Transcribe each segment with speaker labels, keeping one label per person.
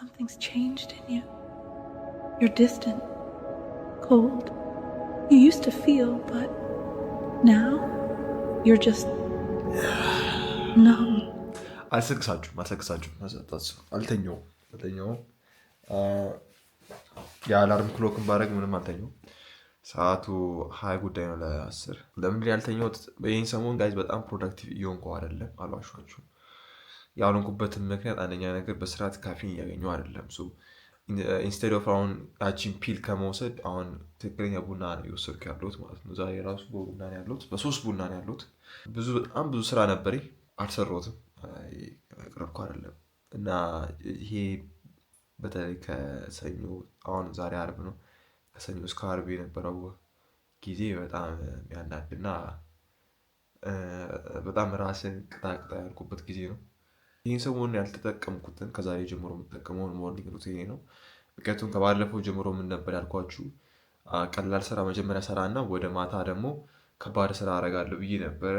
Speaker 1: Something's changed in you. You're distant, cold. You used to feel, but now you're just numb.
Speaker 2: አልሰግሳችሁም አልሰግሳችሁም ሰጣችሁ አልተኛውም አልተኛውም የአላርም ክሎክን ባደረግ ምንም አልተኛውም ሰዓቱ ሀያ ጉዳይ ነው ለአስር ለምንድን ያልተኛውት ይህን ሰሞን ጋይዝ በጣም ፕሮዳክቲቭ እየሆንኩ አይደለም አልዋሻችሁም ያልንኩበትን ምክንያት አንደኛ ነገር በስርዓት ካፊን እያገኙ አይደለም። ኢንስቴድ ኦፍ አሁን ያቺን ፒል ከመውሰድ አሁን ትክክለኛ ቡና ነው የወሰድኩ ያለሁት ማለት ነው። ዛሬ ራሱ ቡና ነው ያለሁት፣ በሶስት ቡና ነው ያለሁት። ብዙ በጣም ብዙ ስራ ነበር አልሰራሁትም፣ አቅረብኩ አይደለም እና ይሄ በተለይ ከሰኞ አሁን ዛሬ አርብ ነው፣ ከሰኞ እስከ አርብ የነበረው ጊዜ በጣም ያናድና በጣም ራስን ቅጣቅጣ ያልኩበት ጊዜ ነው። ይህን ሰሞኑን ያልተጠቀምኩትን ከዛሬ ጀምሮ የምጠቀመውን ሞርኒንግ ሩቲኔ ነው። ምክንያቱም ከባለፈው ጀምሮ ምን ነበር ያልኳችሁ ቀላል ስራ መጀመሪያ ስራ እና ወደ ማታ ደግሞ ከባድ ስራ አረጋለሁ ብዬ ነበረ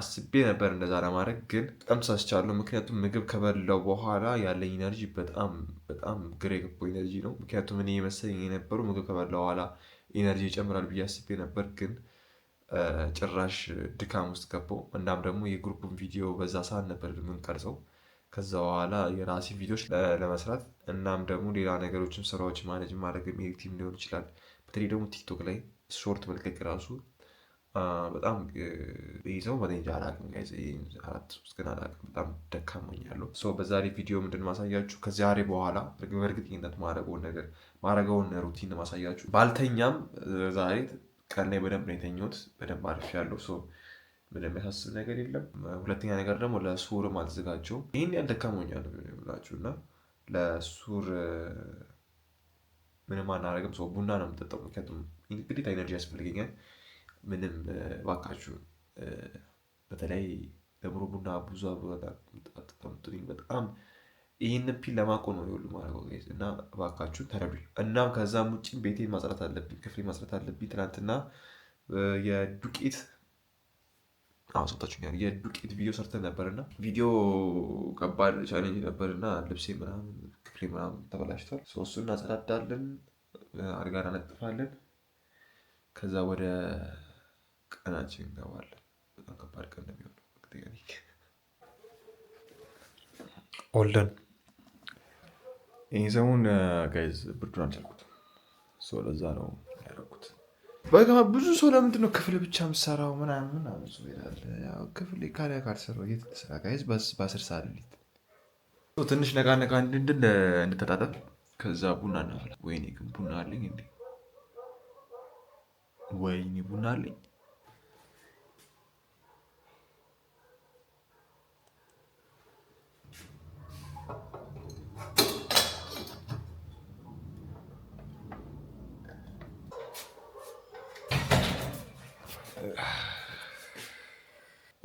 Speaker 2: አስቤ ነበር እንደዛ ለማድረግ ግን በጣም ሳስቻለሁ። ምክንያቱም ምግብ ከበላው በኋላ ያለኝ ኢነርጂ በጣም በጣም ግራ የገባው ኢነርጂ ነው። ምክንያቱም እኔ የመሰለኝ የነበረው ምግብ ከበላው በኋላ ኢነርጂ ይጨምራል ብዬ አስቤ ነበር ግን ጭራሽ ድካም ውስጥ ገባው። እናም ደግሞ የግሩፕን ቪዲዮ በዛ ሰዓት ነበር የምንቀርጸው። ከዛ በኋላ የራሴ ቪዲዮዎች ለመስራት እናም ደግሞ ሌላ ነገሮችም ስራዎች ማኔጅ ማድረግ ኤዲቲም ሊሆን ይችላል። በተለይ ደግሞ ቲክቶክ ላይ ሾርት መልቀቅ ራሱ በጣም ይዘው በተንጃ አላቅም አራት ሶስት ግን አላቅም በጣም ደካሞኛለሁ። በዛሬ ቪዲዮ ምንድን ማሳያችሁ ከዛሬ በኋላ በእርግጠኝነት ማድረገውን ነገር ማድረገውን ሩቲን ማሳያችሁ ባልተኛም ዛሬ ቀን ላይ በደንብ ነው የተኘሁት። በደንብ አርፍ ያለው ሰው ምንም የሚያሳስብ ነገር የለም። ሁለተኛ ነገር ደግሞ ለሱርም አልዘጋጀውም። ይህን ያህል ደካሞኛ ነው የምላችሁ እና ለሱር ምንም አናደርግም። ሰው ቡና ነው የምጠጣው፣ ምክንያቱም ግዴታ ኤነርጂ ያስፈልገኛል። ምንም እባካችሁ በተለይ ደግሞ ቡና ብዙ አብሮ በጣም ይህንን ፒን ለማቆ ነው የሁሉ ማድረገው እና እባካችሁ ተረዱ። እናም ከዛም ውጭ ቤቴ ማጽዳት አለብኝ፣ ክፍሌ ማጽዳት አለብኝ። ትናንትና የዱቄት ሰምታችሁኛል። የዱቄት ቪዲዮ ሰርተን ነበርና ቪዲዮ ከባድ ቻሌንጅ ነበርና ልብሴ ምናምን ክፍሌ ምናምን ተበላሽቷል። እሱን እናጸዳዳለን፣ አልጋ እናነጥፋለን። ከዛ ወደ ቀናችን እንገባለን። በጣም ከባድ ቀን እንደሚሆን ኦልደን ይህን ሰሞን ጋይዝ ብርዱን አልቻልኩት ለዛ ነው ያደረኩት። በቃ ብዙ ሰው ለምንድን ነው ክፍል ብቻ የምትሰራው ምናምን ይላል። ክፍል ካለ ካልሰራው የት ስራ ጋይዝ። በአስር ሰዓት ሌሊት ትንሽ ነቃ ነቃ እንድል እንድተጣጠብ ከዛ ቡና እናፈላ። ወይኔ ግን ቡና አለኝ እንዴ! ወይኔ ቡና አለኝ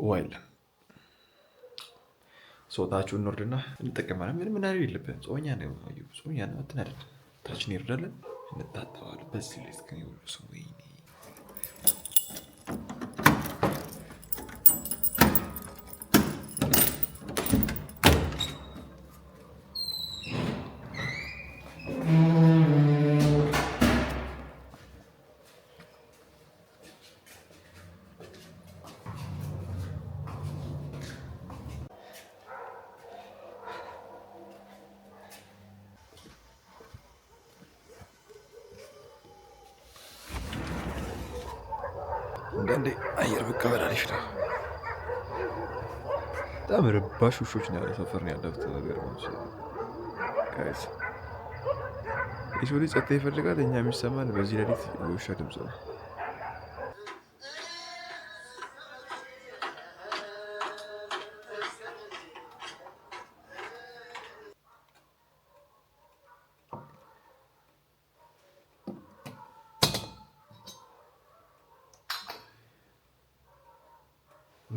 Speaker 2: ውሃ ሶታችሁ ሰውታችሁን እንወርድና እንጠቀማለን። ምን ምናደር የለብን። ጾኛ ነው ጾኛ ነው። አትናደድ። ታችን ይርዳለን፣ እንታጠባለን። በዚህ ላይ ስከ ሰው አንዳንዴ አየር መቀበል አሪፍ ነው። በጣም ረባሽ ውሾች ነው ያለው ሰፈር ነው ያለሁት። ነገር የሰው ልጅ ጸጥታ ይፈልጋል። እኛ የሚሰማን በዚህ ሌሊት የውሻ ድምፅ ነው።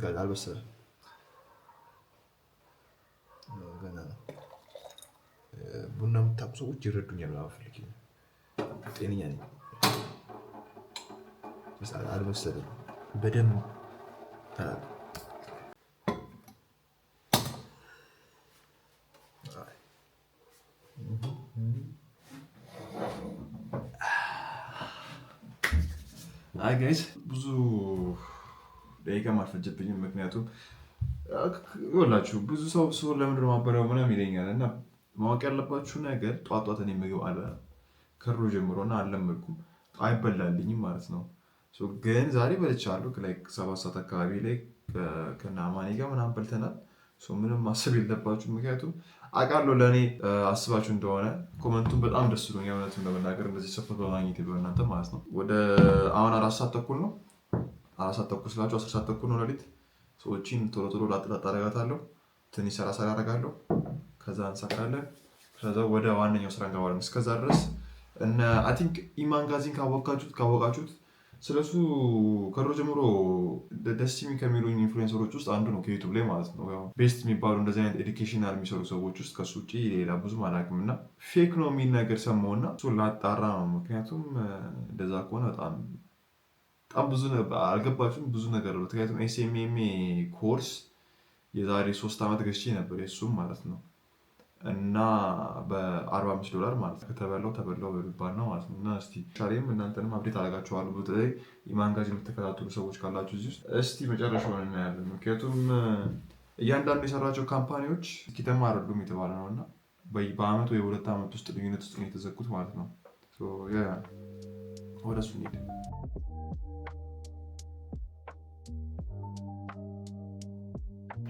Speaker 2: ገና አልበሰለም። ገና ቡና የምታውቁ ሰዎች ይረዱኛል ምናምን ጤነኛ ነኝ። አልመሰለም በደንብ አይ ጋይስ ብዙ ደቂቃም አልፈጀብኝም። ምክንያቱም ይኸውላችሁ ብዙ ሰው ስሆን ለምንድን ነው ማበላው ምናምን ይለኛል። እና ማወቅ ያለባችሁ ነገር ጧት ጧት እኔ ምግብ ከድሮ ጀምሮ እና አልለመድኩም አይበላልኝም ማለት ነው። ግን ዛሬ በልቻለሁ። ሰባት ሰዓት አካባቢ ላይ ከእነ አማኔ ጋር ምናምን በልተናል። ምንም ማሰብ የለባችሁ ምክንያቱም አውቃለሁ ለእኔ አስባችሁ እንደሆነ ኮመንቱን በጣም ደስ ብሎኛል። እውነቱን ለመናገር እንደዚህ ሰፈት በማግኘት በእናንተ ማለት ነው። ወደ አሁን አራት ሰዓት ተኩል ነው አራት ሰዓት ተኩል ስላቸው አስር ሰዓት ነው ለሊት ሰዎችን ቶሎ ቶሎ ላጥላጣ አረጋታለሁ። ትንሽ ሰራ ሰራ አረጋለሁ። ከዛ እንሰክራለን። ከዛ ወደ ዋነኛው ስራ እንገባለን። እስከዛ ድረስ እነ አይ ቲንክ ኢማን ጋዚን ካወቃችሁት ካወቃችሁት ስለሱ ከድሮ ጀምሮ ደስ የሚ ከሚሉኝ ኢንፍሉዌንሰሮች ውስጥ አንዱ ነው። ከዩቱብ ላይ ማለት ነው። ቤስት የሚባሉ እንደዚህ አይነት ኤዱኬሽናል የሚሰሩ ሰዎች ውስጥ ከሱ ውጭ ሌላ ብዙም አላውቅም እና ፌክ ነው የሚል ነገር ሰማሁና እሱ ላጣራ ነው። ምክንያቱም እንደዛ ከሆነ በጣም በጣም ብዙ አልገባችሁም? ብዙ ነገር ነው። ምክንያቱም ኤስኤምኤምኤ ኮርስ የዛሬ ሶስት ዓመት ገዝቼ ነበር የሱም ማለት ነው እና በ45 ዶላር ማለት ከተበላው ተበላው በሚባል ነው ማለት ነው። እና እስቲ እናንተንም አብዴት አደርጋችኋለሁ። በተለይ ኢማንጋዝ የምትከታተሉ ሰዎች ካላችሁ እዚህ ውስጥ እስቲ መጨረሻውን እናያለን። ምክንያቱም እያንዳንዱ የሰራቸው ካምፓኒዎች ስኬታማ አይደሉም የተባለ ነው እና በአመት ወይ ሁለት ዓመት ውስጥ ልዩነት ውስጥ ነው የተዘጉት ማለት ነው። what else we need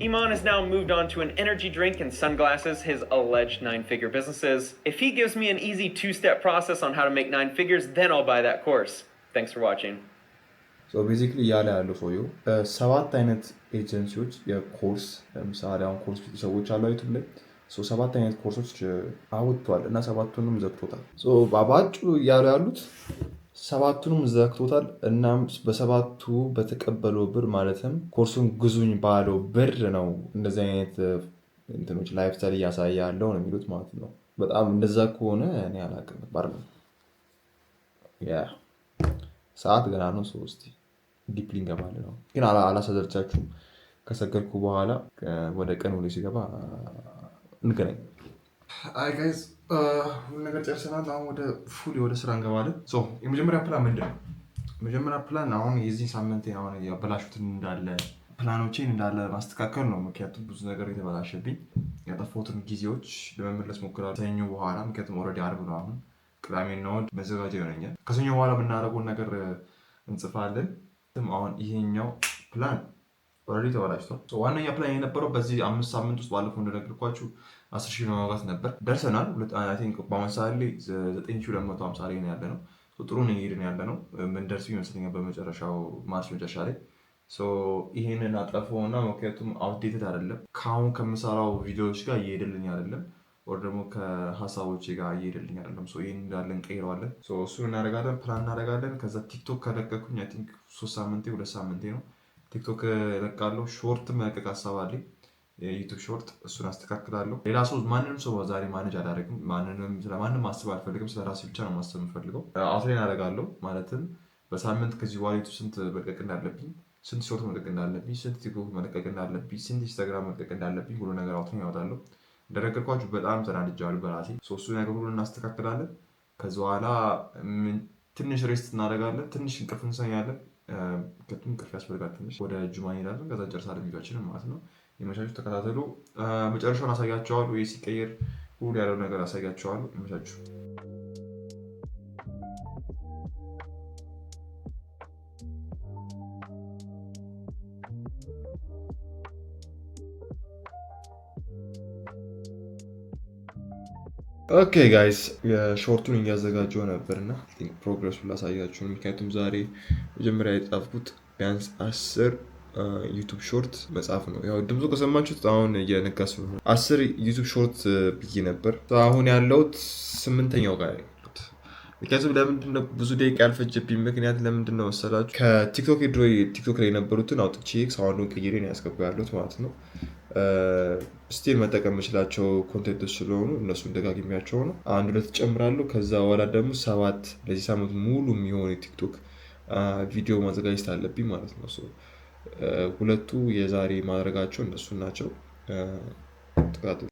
Speaker 3: Iman has now moved on to an energy drink and sunglasses, his alleged nine figure businesses. If he gives me an easy two step process on how to make nine figures, then I'll buy that course. Thanks for watching.
Speaker 2: So basically, for you. Sabat course. I'm sorry, ሶ ቤዚክሊ ያለ ያለው ሰውየው ሰባት አይነት ኤጀንሲዎች የኮርስ ለምሳሌ አሁን ኮርስ ፊት ሰዎች አሉ ዩቱብ ላይ ሰባት አይነት ኮርሶች አውጥተዋል እና ሰባቱንም ዘግቶታል በአጭሩ እያሉ ያሉት ሰባቱንም ዘግቶታል። እናም በሰባቱ በተቀበለው ብር ማለትም ኮርሱን ግዙኝ ባለው ብር ነው እንደዚህ አይነት እንትኖች ላይፍ ስታይል እያሳየ ያለው ነው የሚሉት ማለት ነው። በጣም እንደዛ ከሆነ እኔ አላውቅም። ባር ሰዓት ገና ነው። ሶስት ዲፕሊን እንገባለን ነው ግን አላሳዘርቻችሁም። ከሰገድኩ በኋላ ወደ ቀን ውሎ ሲገባ እንገናኝ። አይ ጋይስ ሁሉ ነገር ጨርሰናል። አሁን ወደ ፉል ወደ ስራ እንገባለን። የመጀመሪያ ፕላን ምንድን ነው? የመጀመሪያ ፕላን አሁን የዚህ ሳምንት አሁን ያበላሹትን እንዳለ ፕላኖቼን እንዳለ ማስተካከል ነው። ምክንያቱም ብዙ ነገር የተበላሸብኝ ያጠፋሁትን ጊዜዎች ለመመለስ ሞክራል ሰኞ በኋላ። ምክንያቱም ኦልሬዲ አርብ ነው። አሁን ቅዳሜና እሑድ መዘጋጃ ይሆነኛል። ከሰኞ በኋላ የምናደርገውን ነገር እንጽፋለን። አሁን ይሄኛው ፕላን ኦልሬዲ ተበላሽቷል። ዋነኛ ፕላን የነበረው በዚህ አምስት ሳምንት ውስጥ ባለፈው እንደነገርኳችሁ አስር ሺህ ለማግባት ነበር ደርሰናል። በአሁን ሰዓት ላይ ዘጠኝ ሺህ ሁለት መቶ ሀምሳ ላይ ነው ያለ ነው። ጥሩ ነው የሄድን ያለ ነው። ምን ደርስ ይመስለኛል በመጨረሻው ማርች መጨረሻ ላይ ይህንን አጠፈው እና ምክንያቱም አውትዴትድ አይደለም ከአሁን ከምሰራው ቪዲዮዎች ጋር እየሄደልኝ አይደለም ወር ደግሞ ከሀሳቦች ጋር እየሄደልኝ አይደለም። ይህን እንዳለን ቀይረዋለን። እሱን እናደርጋለን፣ ፕላን እናደርጋለን። ከዛ ቲክቶክ ከለቀኩኝ ሶስት ሳምንቴ ሁለት ሳምንቴ ነው ቲክቶክ ለቃለሁ። ሾርት መለቀቅ ሀሳብ አለኝ የዩቱብ ሾርት እሱን አስተካክላለሁ። ሌላ ሰው ማንንም ሰው ዛሬ ማነጅ አላደርግም። ማንንም ስለማንም ማሰብ አልፈልግም። ስለ ራሴ ብቻ ነው ማሰብ የምፈልገው። አውትላይን አደርጋለሁ ማለትም በሳምንት ከዚህ በኋላ ዩቱብ ስንት መልቀቅ እንዳለብኝ፣ ስንት ሾርት መልቀቅ እንዳለብኝ፣ ስንት ቲክቶክ መልቀቅ እንዳለብኝ፣ ስንት ኢንስታግራም መልቀቅ እንዳለብኝ ሁሉ ነገር አውትላይን ያወጣለሁ። እንደነገርኳችሁ በጣም ተናድጃለሁ በራሴ ሶስቱ ነገር ሁሉ እናስተካክላለን። ከዚ በኋላ ትንሽ ሬስት እናደርጋለን። ትንሽ እንቅልፍ እንሰኛለን። ምክንያቱም እንቅልፍ ያስፈልጋል። ትንሽ ወደ ጁማ እንሄዳለን። ከዛ ጨርሳለን ቪዲዮችንን ማለት ነው። የመቻችሁ ተከታተሉ። መጨረሻውን አሳያቸዋል ወይ ሲቀየር ውል ያለው ነገር አሳያቸዋል። የመቻችሁ ኦኬ ጋይስ ሾርቱን እያዘጋጀው ነበር እና ፕሮግረሱን ላሳያችሁ። ምክንያቱም ዛሬ መጀመሪያ የጻፍኩት ቢያንስ አስር ዩቱብ ሾርት መጽሐፍ ነው። ያው ድምፁ ከሰማችሁት አሁን እየነጋስ አስር ዩቱብ ሾርት ብዬ ነበር። አሁን ያለሁት ስምንተኛው ጋር ምክንያቱም ለምንድነው ብዙ ደቂቃ ያልፈጀብኝ ምክንያት ለምንድን ነው መሰላችሁ? ከቲክቶክ ድሮ ቲክቶክ ላይ የነበሩትን አውጥቼ ሳውንዱን ቀይሬ ያስገባ ያስገቡ ያሉት ማለት ነው። ስቲል መጠቀም የምችላቸው ኮንቴንቶች ስለሆኑ እነሱን ደጋግሚያቸው ነው። አንድ ሁለት ጨምራለሁ። ከዛ በኋላ ደግሞ ሰባት ለዚህ ሳምንት ሙሉ የሚሆን የቲክቶክ ቪዲዮ ማዘጋጀት አለብኝ ማለት ነው። ሁለቱ የዛሬ ማድረጋቸው እነሱን ናቸው። ተከታተሉ።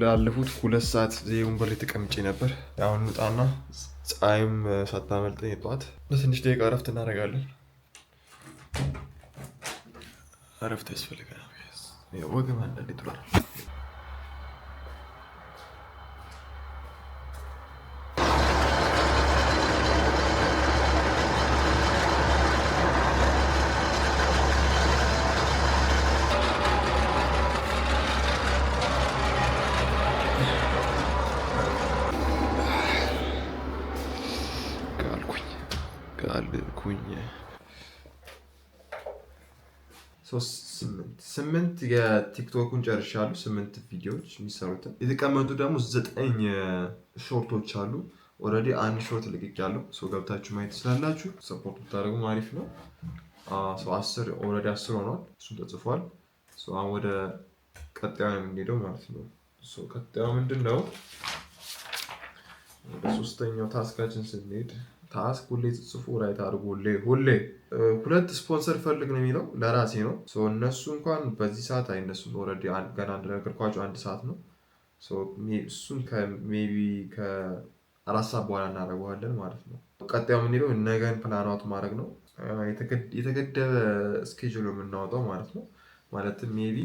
Speaker 2: ላለፉት ሁለት ሰዓት ወንበር ላይ ተቀምጬ ነበር። አሁን እንውጣና ፀሐይም ሳታመልጠኝ ጠዋት በትንሽ ደቂቃ እረፍት እናደርጋለን። እረፍት ያስፈልገናል። ወገብ አንዳንዴ ጥሏል። ስምንት የቲክቶኩን ጨርሻለሁ። ስምንት ቪዲዮዎች የሚሰሩትን የተቀመጡ ደግሞ ዘጠኝ ሾርቶች አሉ። ኦልሬዲ አንድ ሾርት ልቅቅ ያለው ሰው ገብታችሁ ማየት ስላላችሁ ሰፖርት ብታደርጉም አሪፍ ነው። አስር ኦልሬዲ አስር ሆኗል። እሱም ተጽፏል። አሁን ወደ ቀጣዩ የምንሄደው ማለት ነው። ቀጣዩ ምንድን ነው? ወደ ሶስተኛው ታስካችን ስንሄድ ታስክ ሁሌ ጽፎ ራይት አድርጎ ሁሌ ሁሌ ሁለት ስፖንሰር ፈልግ ነው የሚለው ለራሴ ነው። እነሱ እንኳን በዚህ ሰዓት አይነሱም። ኦልሬዲ ገና እንደነገርኳቸው አንድ ሰዓት ነው። እሱን ሜይ ከአራት ሰዓት በኋላ እናደርገዋለን ማለት ነው። ቀጣዩ የምንለው ነገን ፕላናት ማድረግ ነው። የተገደበ ስኬጁል የምናወጣው ማለት ነው። ማለትም ቢ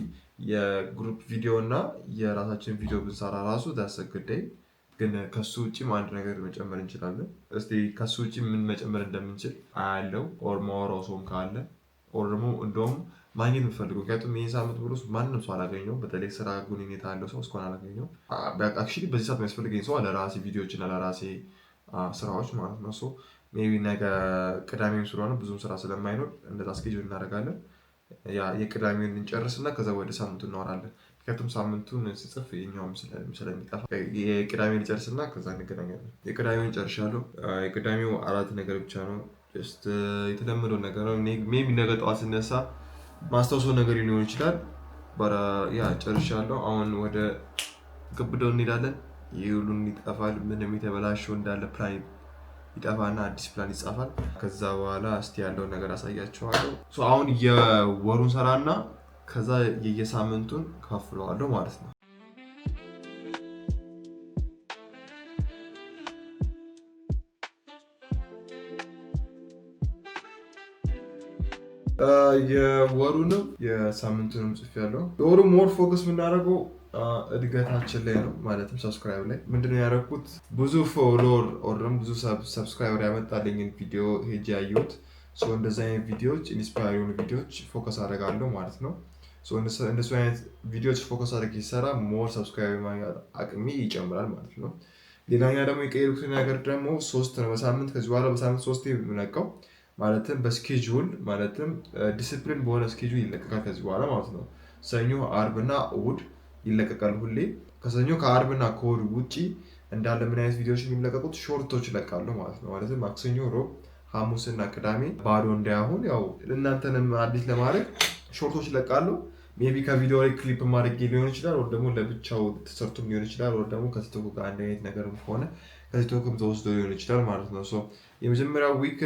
Speaker 2: የግሩፕ ቪዲዮ እና የራሳችን ቪዲዮ ብንሰራ ራሱ ዳሰ ግን ከሱ ውጭም አንድ ነገር መጨመር እንችላለን። እስቲ ከሱ ውጭ ምን መጨመር እንደምንችል አያለው ኦር ማወራው ሰውም ካለ ኦር ደግሞ እንደውም ማግኘት የምፈልገው ምክንያቱም ይህ ሳምንት ብሎ ማንም ሰው አላገኘው። በተለይ ስራ ግንኙነት ያለው ሰው እስካሁን አላገኘው። አክቹዋሊ በዚህ ሰዓት የሚያስፈልገኝ ሰው ለራሴ ቪዲዮዎች እና ለራሴ ስራዎች ማለት ነው። ሶ ሜይ ቢ ነገ ቅዳሜም ስለሆነ ብዙም ስራ ስለማይኖር እንደዛ ስኬጁል እናደርጋለን። የቅዳሜውን እንጨርስና ከዛ ወደ ሳምንቱ እናወራለን። ምክንያቱም ሳምንቱን ስጽፍ የኛውም ስለሚጠፋ የቅዳሜን እና ከዛ እንገናኛለን። የቅዳሜውን ጨርሻለሁ። የቅዳሜው አራት ነገር ብቻ ነው። ጀስት የተለመደው ነገር ነው። ሜቢ ነገ ጠዋት ስነሳ ማስታውሰው ነገር ሊሆን ይችላል። ያ ጨርሻለሁ። አሁን ወደ ግብደው እንሄዳለን። ይህ ሁሉን ይጠፋል። ምንም የተበላሸው እንዳለ ፕላን ይጠፋና አዲስ ፕላን ይጻፋል። ከዛ በኋላ እስቲ ያለውን ነገር አሳያቸዋለሁ። አሁን የወሩን ሰራና ከዛ የየሳምንቱን ካፍለዋለሁ ማለት ነው። የወሩንም የሳምንቱንም ጽፍ ያለው የወሩ ሞር ፎከስ የምናደርገው እድገታችን ላይ ነው። ማለትም ሰብስክራይብ ላይ ምንድነው ያደረኩት? ብዙ ፎሎወር ኦርም ብዙ ሰብስክራይበር ያመጣልኝን ቪዲዮ ሄጅ ያየሁት። እንደዚ አይነት ቪዲዮዎች ኢንስፓየር የሆኑ ቪዲዮዎች ፎከስ አደርጋለሁ ማለት ነው። እንደሱ አይነት ቪዲዮዎች ፎከስ አድርጌ ሰራ ሞር ሰብስክራይብ አቅሚ ይጨምራል ማለት ነው። ሌላኛ ደግሞ የቀየሩት ነገር ደግሞ ሶስት ነው። በሳምንት ከዚህ በኋላ በሳምንት ሶስት የምለቀው ማለትም በስኬጁል ማለትም ዲስፕሊን በሆነ ስኬጁል ይለቀቃል ከዚህ በኋላ ማለት ነው። ሰኞ እና እሑድ ይለቀቃል ሁሌ። ከሰኞ እና ከእሑድ ውጪ እንዳለ ምን አይነት ቪዲዮዎች የሚለቀቁት ሾርቶች ይለቃሉ ማለት ነው። ማለትም ማክሰኞ፣ ሮብ፣ ሐሙስና ቅዳሜ ባዶ እንዳያሁን ያው እናንተንም አዲስ ለማድረግ ሾርቶች ይለቃሉ። ቢ ከቪዲዮ ላይ ክሊፕ ማድረግ ሊሆን ይችላል፣ ወይ ደግሞ ለብቻው ተሰርቶ ሊሆን ይችላል፣ ወይ ደግሞ ከቲክቶክ ጋር አንድ አይነት ነገርም ከሆነ ከቲክቶክም ተወስዶ ሊሆን ይችላል ማለት ነው። ሶ የመጀመሪያው ዊክ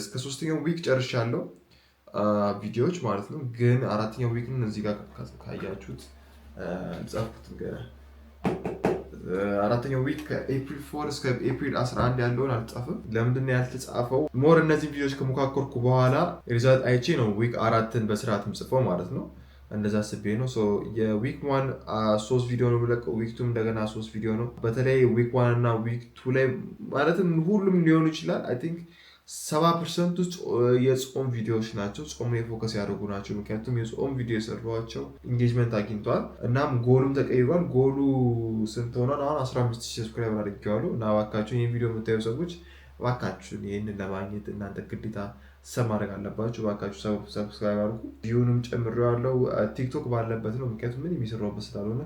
Speaker 2: እስከ ሶስተኛው ዊክ ጨርሻለሁ ቪዲዮዎች ማለት ነው። ግን አራተኛው ዊክን እዚህ ጋር ካያችሁት ጻፍኩት ገና አራተኛው ዊክ ከኤፕሪል ፎር እስከ ኤፕሪል 11 ያለውን አልጻፍም። ለምንድን ነው ያልተጻፈው? ሞር እነዚህን ቪዲዮዎች ከሞካከርኩ በኋላ ሪዛልት አይቼ ነው ዊክ አራትን በስርዓት ምጽፈው ማለት ነው። እንደዛ አስቤ ነው። የዊክ ዋን ሶስት ቪዲዮ ነው የምለቀው። ዊክ ቱ እንደገና ሶስት ቪዲዮ ነው። በተለይ ዊክ ዋን እና ዊክ ቱ ላይ ማለትም ሁሉም ሊሆኑ ይችላል አይ ቲንክ ሰባ ፐርሰንቱ የጾም ቪዲዮዎች ናቸው። ጾሙ የፎከስ ያደርጉ ናቸው። ምክንያቱም የጾም ቪዲዮ የሰሯቸው ኢንጌጅመንት አግኝተዋል። እናም ጎሉም ተቀይሯል። ጎሉ ስንት ሆኗል? አሁን 15 ሺህ ሰብስክራይበር አድርጌዋለሁ እና እባካችሁን ይህ ቪዲዮ የምታዩ ሰዎች እባካችሁን ይህንን ለማግኘት እናንተ ግዴታ ሰብ ማድረግ አለባችሁ። እባካችሁ ሰብስክራይብ አድርጉ። ቪዩንም ጨምሬዋለሁ። ቲክቶክ ባለበት ነው፣ ምክንያቱም ምን የሚሰራበት ስላልሆነ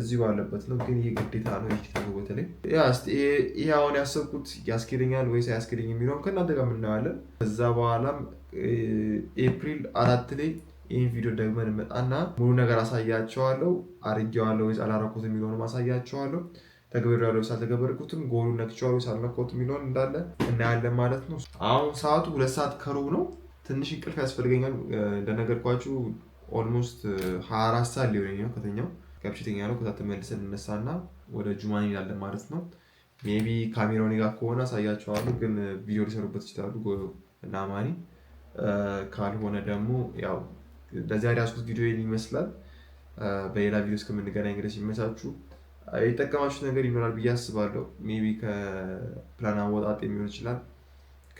Speaker 2: እዚሁ አለበት ነው። ግን ይሄ ግዴታ ነው። ይህ በተለይ ይህ አሁን ያሰብኩት ያስኬደኛል ወይስ አያስኬደኝ የሚለውን ከእናንተ ጋር የምናያለን። ከዛ በኋላም ኤፕሪል አራት ላይ ይህን ቪዲዮ ደግመን እመጣና ሙሉ ነገር አሳያቸዋለሁ። አርጌዋለሁ ወይስ አላረኩት የሚለውን አሳያቸዋለሁ። ተግብሬዋለሁ ወይስ አልተገበርኩትም፣ ጎሉ ነክቸዋሉ ሳልነኮት አልነካሁትም የሚለውን እንዳለ እናያለን ማለት ነው። አሁን ሰዓቱ ሁለት ሰዓት ከሩብ ነው። ትንሽ እንቅልፍ ያስፈልገኛል። እንደነገርኳችሁ ኦልሞስት ሀያ አራት ሰዓት ሊሆነኝ ነው ከተኛው ገብቼ ነው። ከዛ ተመልሰን እንነሳና ወደ ጁማን እንሄዳለን ማለት ነው። ሜቢ ካሜራውን ጋር ከሆነ አሳያቸዋለሁ፣ ግን ቪዲዮ ሊሰሩበት ይችላሉ እና ማኒ ካልሆነ ደግሞ ያው ለዚያ ያስኩት ቪዲዮ ይመስላል። በሌላ ቪዲዮ እስከምንገናኝ ድረስ ይመሳችሁ። የጠቀማችሁ ነገር ይኖራል ብዬ አስባለሁ። ሜቢ ከፕላን አወጣጥ የሚሆን ይችላል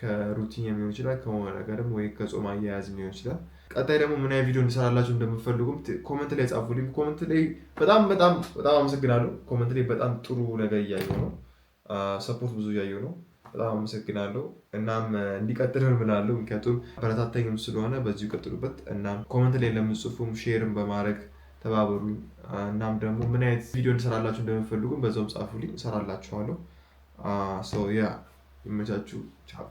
Speaker 2: ከሩቲን የሚሆን ይችላል ከሆነ ነገርም ወይ ከጾም አያያዝም ሊሆን ይችላል። ቀጣይ ደግሞ ምን አይነት ቪዲዮ እንዲሰራላችሁ እንደምፈልጉም ኮመንት ላይ ጻፉልኝ። ኮመንት ላይ በጣም በጣም በጣም አመሰግናለሁ። ኮመንት ላይ በጣም ጥሩ ነገር እያየሁ ነው። ሰፖርት ብዙ እያየሁ ነው። በጣም አመሰግናለሁ። እናም እንዲቀጥል እምላለሁ፣ ምክንያቱም በረታተኝም ስለሆነ በዚሁ ቀጥሉበት። እናም ኮመንት ላይ ለምጽፉም ሼርም በማድረግ ተባበሩኝ። እናም ደግሞ ምን አይነት ቪዲዮ እንዲሰራላችሁ እንደምፈልጉም በዛውም ጻፉልኝ፣ እሰራላችኋለሁ። ሰው ያ ይመቻችሁ። ቻው